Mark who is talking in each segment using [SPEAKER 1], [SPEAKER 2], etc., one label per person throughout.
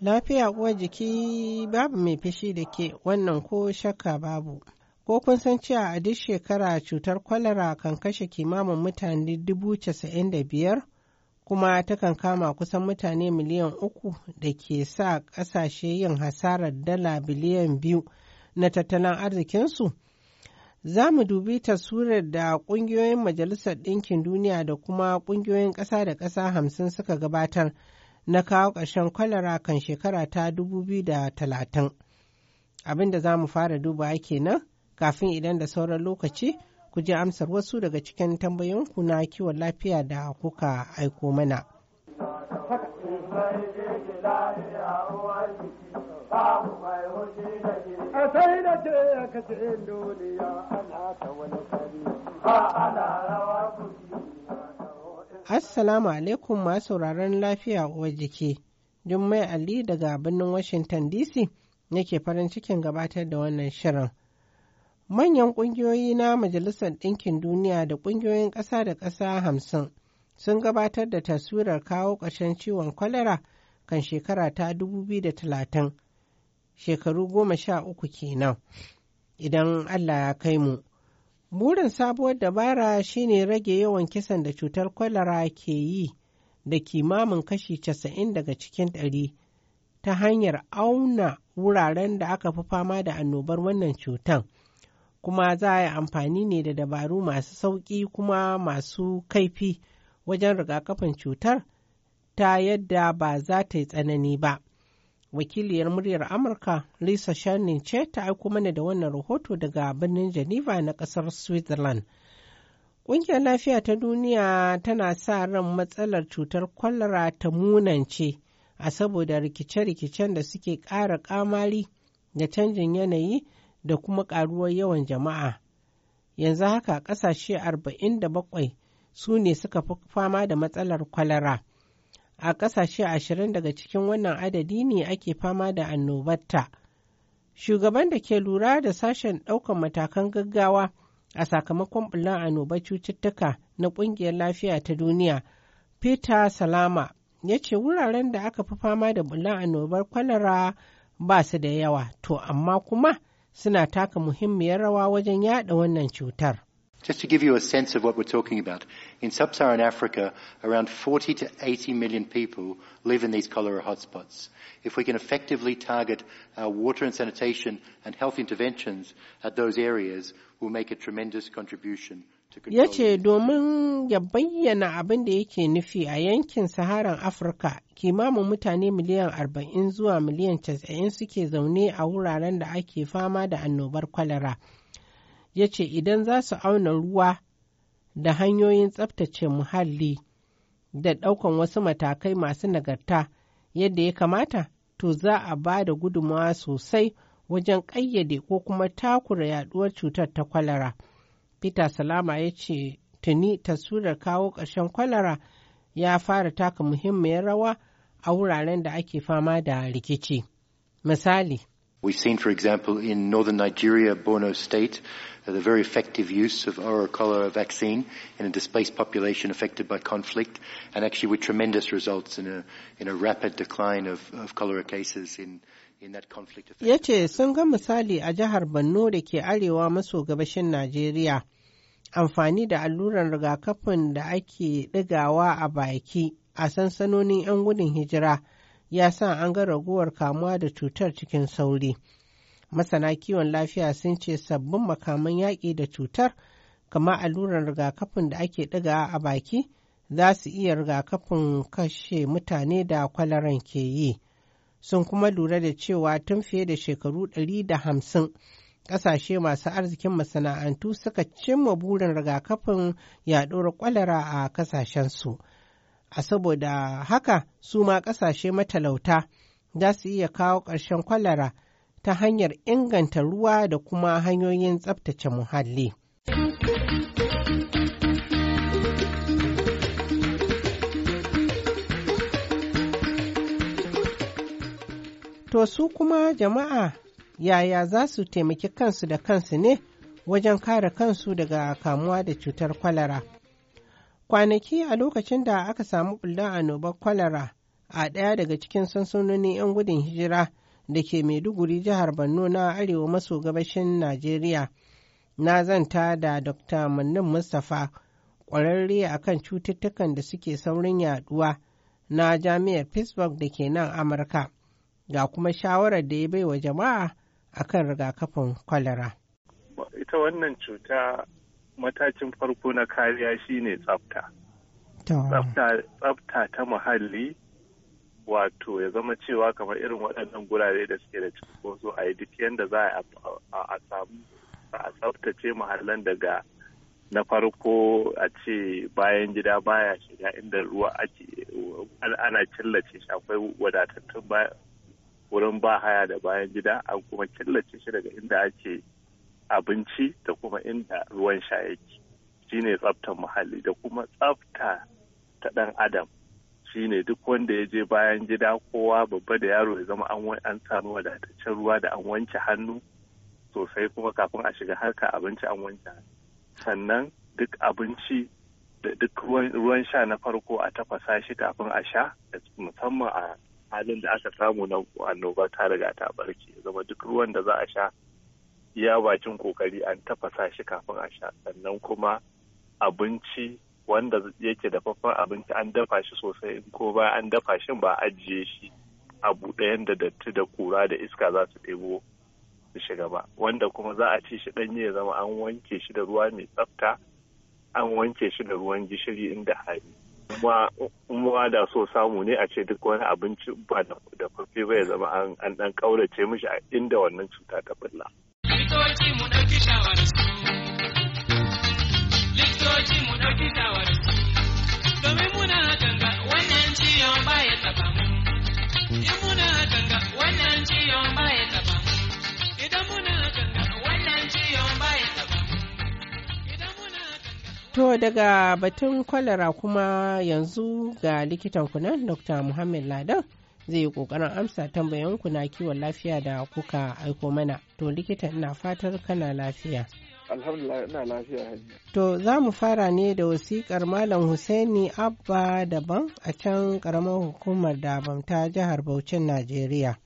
[SPEAKER 1] Lafiya uwar jiki babu mai fishi da ke wannan ko shakka babu. Ko kun san cewa a duk shekara cutar kwalara kan kashe kimamin mutane dubu casa'in da biyar kuma takan kama kusan mutane miliyan uku da ke sa ƙasashe yin hasarar dala biliyan biyu na tattalin arzikinsu? za mu dubi taswirar da ƙungiyoyin Majalisar Ɗinkin Duniya da kuma ƙungiyoyin ƙasa da ƙasa hamsin suka gabatar na kawo ƙarshen kwalara kan shekara ta 2030. Abin da za mu fara duba kenan kafin idan da sauran lokaci ku ji amsar wasu daga cikin tambayoyinku na kiwon lafiya da kuka aiko mana.
[SPEAKER 2] ce ka ce duniya ana ta wani kari ana rawa
[SPEAKER 1] Assalamu alaikum masu sauraron lafiya uwar jiki. Jummai Ali daga birnin Washington DC yake farin cikin gabatar da wannan shirin. Manyan ƙungiyoyi na Majalisar Ɗinkin Duniya da ƙungiyoyin ƙasa da ƙasa hamsin sun gabatar da taswirar kawo ƙarshen ciwon kwalera kan shekara ta 2030 shekaru goma sha uku kenan idan Allah ya kai mu. Burin sabuwar dabara shine rage yawan kisan da cutar kwalara ke yi da kimamin kashi casa'in daga cikin ɗari ta hanyar auna wuraren da aka fi fama da annobar wannan cutan. Kuma za a yi amfani ne da dabaru masu sauƙi kuma masu kaifi wajen rigakafin cutar ta yadda ba za ta yi tsanani ba. wakiliyar muryar amurka lisa shannon ce ta aiko mana da wannan rahoto daga birnin geneva na ƙasar switzerland ƙungiyar lafiya ta duniya tana sa ran matsalar cutar kwalara ta munance a saboda rikice-rikicen da suke ƙara ƙamari da canjin yanayi da kuma ƙaruwar yawan jama'a yanzu haka ƙasashe 47 su ne suka fi fama da matsalar kwalara. a ƙasashe ashirin daga cikin wannan adadi ne ake fama da annobarta. Shugaban da ke lura da sashen ɗaukan matakan gaggawa a sakamakon ɓullar annobar cututtuka na ƙungiyar lafiya ta duniya, Peter Salama, ya ce wuraren da aka fi fama da ɓullar annobar kwalara ba su da yawa, to amma kuma suna taka muhimmiyar rawa wajen yaɗa wannan cutar. Just to give you a sense of what we're talking about, in sub-Saharan Africa, around 40 to 80 million people live in these cholera hotspots. If we can effectively target our uh, water and sanitation and health interventions at those areas, we'll make a tremendous contribution ya ce domin ya bayyana abin da yake nufi a yankin saharan afirka kimanin mutane miliyan 40 zuwa miliyan 90 suke zaune a wuraren da ake fama da annobar kwalara ya ce idan za su auna ruwa da hanyoyin tsabtace muhalli da ɗaukan wasu matakai masu nagarta yadda ya kamata, to za a ba da gudunmawa sosai wajen ƙayyade ko kuma takura yaɗuwar cutar ta kwalara. Peter Salama ya ce tuni taswirar kawo ƙarshen kwalara ya fara taka muhimmiyar rawa a wuraren da ake fama da rikici. Misali, We've seen, for example, in northern Nigeria, Borno State, uh, the very effective use of oral cholera vaccine in a displaced population affected by conflict, and actually with tremendous results in a, in a rapid decline of, of cholera cases in, in that conflict. Ya ce sun ga misali a jihar Borno da ke arewa maso gabashin Najeriya, amfani da alluran rigakafin da ake ɗigawa a baki a sansanonin 'yan gudun hijira. ya sa an ga raguwar kamuwa da cutar cikin sauri. Masana kiwon lafiya sun ce sabbin makaman yaƙi da cutar kama alluran rigakafin da ake ɗiga a baki za su iya rigakafin kashe mutane da kwalaran ke yi. Sun kuma lura da cewa tun fiye da shekaru ɗari da hamsin ƙasashe masu arzikin masana'antu suka cimma burin rigakafin yaɗuwar kwalara a ƙasashensu. a saboda haka su ma ƙasashe matalauta za su iya kawo ƙarshen kwalara ta hanyar inganta ruwa da kuma hanyoyin tsabtace muhalli. To su kuma jama'a yaya za su taimaki kansu da kansu ne wajen kare kansu daga kamuwa da cutar kwalara. Kwanaki a lokacin da aka samu bulla annobar kwalara a ɗaya daga cikin sansanonin 'yan gudun hijira da ke Maiduguri jihar Borno na arewa maso gabashin Najeriya. Na zanta da Dr. Mannin Mustapha ƙwararre a kan cututtukan da suke saurin yaduwa na jami'ar Pittsburgh da ke nan Amurka, ga kuma shawarar da ya bai wa jama'a a kan rigakafin kwalara.
[SPEAKER 2] Ita wannan cuta matakin farko na kariya shine tsafta tsafta ta muhalli wato ya zama cewa kamar irin waɗannan gurare da suke da cunkoso a yi duk yadda za a samu a tsaftace muhallan daga na farko a ce bayan gida baya shiga inda ruwa ake ana killace shi akwai wadatattun wurin ba haya da bayan gida an kuma killace shi daga inda ake abinci da kuma inda ruwan sha yake shine tsaftar muhalli da kuma tsafta ta ɗan adam shine duk wanda ya je bayan gida kowa babba da yaro ya zama an samu wadataccen ruwa da an wanke hannu sosai kuma kafin a shiga harka abinci an wanke sannan duk abinci da duk ruwan sha na farko a tafasa shi kafin a sha musamman a halin da aka samu na annoba ta riga ta barke zama duk ruwan da za a sha ya bakin kokari an tafasa shi kafin a sha sannan kuma abinci wanda yake dafaffen abinci an dafa shi sosai in ko ba an dafa shi ba ajiye shi a buɗe yadda datti da kura da iska za su ɗebo su shiga ba wanda kuma za a ci shi ɗanye ya zama an wanke shi da ruwa mai tsafta an wanke shi da ruwan gishiri inda hari kuma da so samu ne a ce duk wani abinci ba da farfe ba ya zama an ɗan ƙaurace mishi inda wannan cuta ta bulla.
[SPEAKER 1] To daga batun kwalara kuma yanzu ga likitan kunan Dr. Muhammad Ladan zai yi kokarin amsa ku na kiwon lafiya da kuka aiko mana to likita ina fatar kana lafiya
[SPEAKER 3] alhamdulillah ina lafiya
[SPEAKER 1] to za mu fara ne da wasikar malam husaini abba daban a can karamar hukumar da ta jihar Bauchin najeriya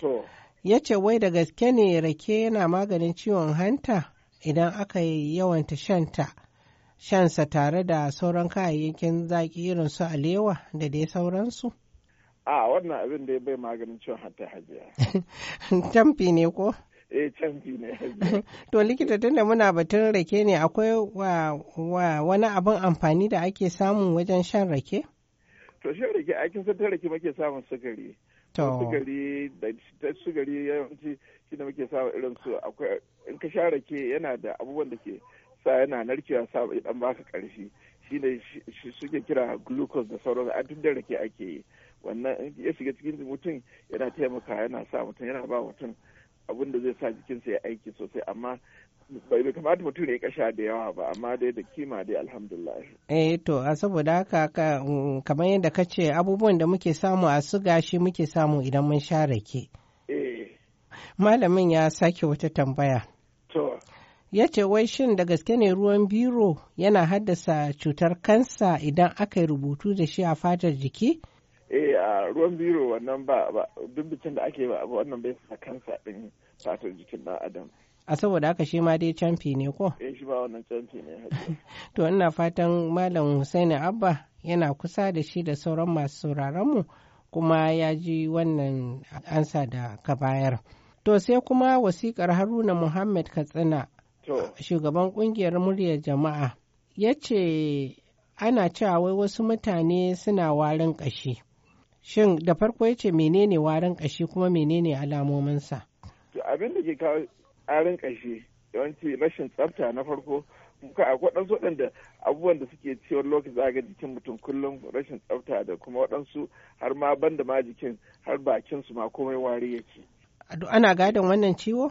[SPEAKER 1] to ya ce wai da gaske ne rake yana maganin ciwon hanta idan aka yi yawanta shanta shansa tare da sauran kayayyakin zaƙi irin su alewa da dai sauransu
[SPEAKER 3] a wannan abin da ya bai maganin ciwon hatta hajiya
[SPEAKER 1] camfi ne ko
[SPEAKER 3] eh canfi ne
[SPEAKER 1] to likita tunda muna batun rake ne akwai wani abin amfani da ake samu wajen shan rake
[SPEAKER 3] to shan rake aikin san ta rake muke samun sukari to sukari da sukari yawanci shi da muke samun irin su akwai in ka sha rake yana da abubuwan da ke sa yana narkewa sa dan baka karfi shi ne suke kira glucose da sauran a duk da rake ake yi wannan ya shiga cikin mutum yana taimaka yana sa mutum yana ba mutum abin da zai sa jikinsa ya aiki sosai amma bai kamata mutum ya kasha da yawa ba amma dai da kima dai alhamdulillah
[SPEAKER 1] eh to a saboda haka mm, kamar yadda ka ce abubuwan da muke samu a suga shi muke samu idan mun sha rake eh. malamin ya sake wata tambaya to ya ce wai shin da gaske ne ruwan biro yana haddasa cutar kansa idan aka yi rubutu da shi a fatar jiki
[SPEAKER 3] a ruwan biro wannan ba duk bikin da ake ba wannan bai sa kansa din fatar jikin dan adam
[SPEAKER 1] a saboda haka shi ma dai canfi ne ko?
[SPEAKER 3] Eh shi ba wannan canfi ne.
[SPEAKER 1] to ina fatan Malam Husaini Abba yana kusa da shi da sauran masu mu kuma ya ji wannan ansa da ka bayar. To sai kuma wasikar Haruna Muhammad Katsina shugaban kungiyar muryar jama'a ya ce ana cewa wai wasu mutane suna warin ƙashi. Shin da farko ya ce menene warin ƙashi kuma menene alamominsa?
[SPEAKER 3] To abin da ke kawo warin ƙashi yawanci rashin tsafta na farko muka akwai waɗansu waɗanda abubuwan da suke ciwon lokaci za ga jikin mutum kullum rashin tsafta da kuma waɗansu har ma ban da ma jikin har bakin su ma komai wari yake.
[SPEAKER 1] Ana gadon wannan ciwo?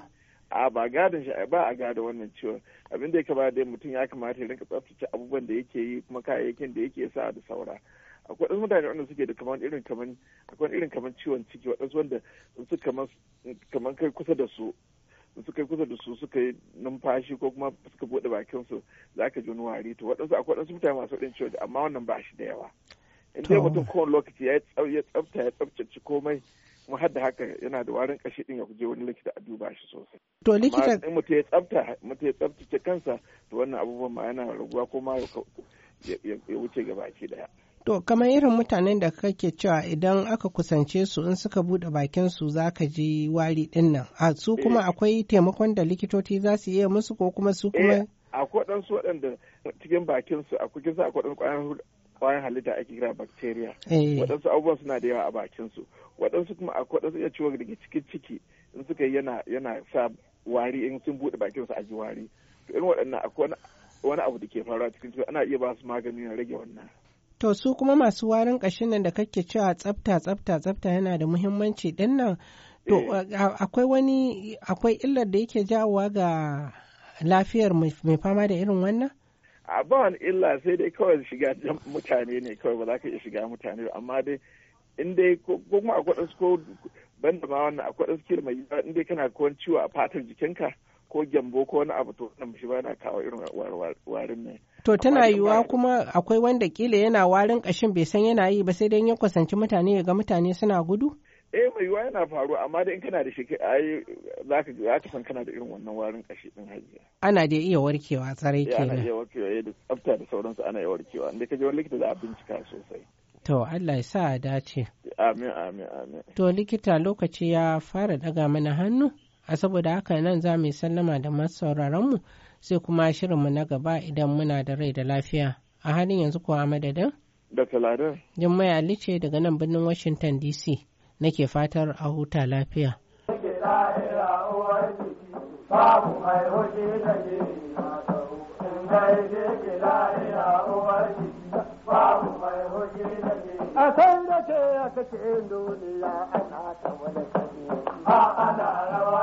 [SPEAKER 3] A ba gadon shi ba a gadon wannan ciwon abin da ya kamata dai mutum ya kamata ya rinka tsaftace abubuwan da yake yi kuma kayayyakin da yake sa da saura. akwai wasu mutane wanda suke da kamar irin kamar akwai irin kamar ciwon ciki wadansu wanda su kamar kai kusa da su su kai kusa da su suka yi numfashi ko kuma suka bude bakin su za ka ji wani wari to wadansu akwai wadansu mutane masu irin ciwon amma wannan ba shi da yawa in dai mutum kowane lokaci ya tsabta ya tsaftace komai kuma hadda haka yana da warin kashi din ya kuje wani likita a duba shi sosai.
[SPEAKER 1] To likita in
[SPEAKER 3] mutum ya tsabta mutum ya tsabtace kansa to wannan abubuwan ma yana raguwa ko ma ya wuce gabaki daya.
[SPEAKER 1] To, kamar irin mutanen da kake cewa idan aka kusance su in suka buɗe bakin su za ka ji wari ɗin nan. A su eh. kuma akwai taimakon da likitoci za su iya musu ko kuma su kuma? Eh,
[SPEAKER 3] akwai ɗansu waɗanda cikin bakin su akwai kisa akwai ɗan kwayan halitta ake kira bacteria. Eh. Waɗansu abubuwan suna da yawa a bakin su. Waɗansu kuma akwai su iya ciwo daga cikin ciki in suka yana yana sa wari in sun buɗe bakin su a ji wari. To irin waɗannan akwai wani abu da ke faruwa cikin ciki ana iya ba su magani na rage wannan.
[SPEAKER 1] To su kuma masu warin ƙashin nan da kake cewa tsafta tsafta tsafta yana da muhimmanci din nan. To eh. akwai wani akwai illar da yake jawowa ga lafiyar mai fama da irin wannan?
[SPEAKER 3] A ba wani illa sai dai kawai shiga mutane ne kawai ba za ka iya shiga mutane amma dai in dai ko kuma akwai ko banda ma wannan akwai ɗansu mai in dai kana kowanne ciwo a fatar jikinka. ko gyambo ko wani abu to wannan shi ba na kawo irin warin ne.
[SPEAKER 1] To tana yiwuwa kuma akwai wanda kila yana warin kashin bai san yana yi ba sai dai ya kusanci mutane ya ga mutane suna gudu?
[SPEAKER 3] Eh mai yiwuwa yana faruwa amma da in kana da shi ai za ka za ka san kana da irin wannan warin kashi din hajiya.
[SPEAKER 1] Ana da iya warkewa tsarai eh, kenan. Ana
[SPEAKER 3] iya warkewa eh, da tsafta da sauransu ana iya warkewa inda ka je wani likita za a bincika sosai.
[SPEAKER 1] To Allah ya sa a dace.
[SPEAKER 3] Amin amin amin.
[SPEAKER 1] To likita lokaci ya fara daga mana hannu. a saboda haka nan za mu sallama da masauraranmu sai kuma shirinmu na gaba idan muna da rai da lafiya a halin yanzu ko a madadin
[SPEAKER 3] da taladar
[SPEAKER 1] jimmai ali ce daga nan birnin washington dc nake fatar a huta lafiya
[SPEAKER 2] a san duniya ana ta wani ana rawa